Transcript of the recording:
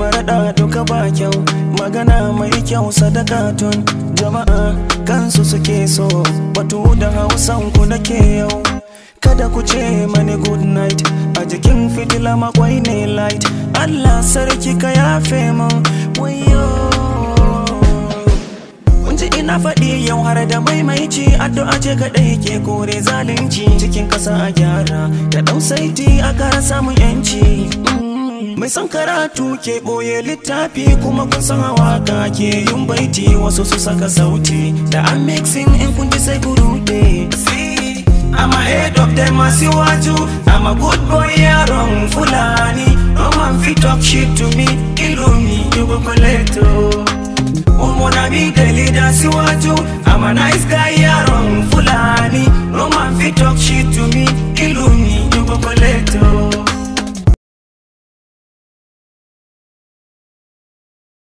maraɗa duka ba kyau magana mai kyau sadaka tun jama'a kansu suke so batu da hausan ku ke yau kada ku ce mani good night a jikin fitila makwai ne light allah sarki ka yafe min wayo ina faɗi yau har da maimaici addu'a ce kaɗai ke kore zalunci cikin ƙasa a gyara da ɗau saiti a kara samun yanci. Mm. mai san karatu ke ɓoye littafi kuma kun san waka ke yin baiti wasu su saka sauti da I'm mixing in kun ji sai si I'm a head of them as you want to I'm a good boy ya yaron fulani No man fit talk shit to me Kill me, you go collect oh Umona mi the leader si watu I'm a nice guy ya yaron fulani No man fit talk shit to me Kill me,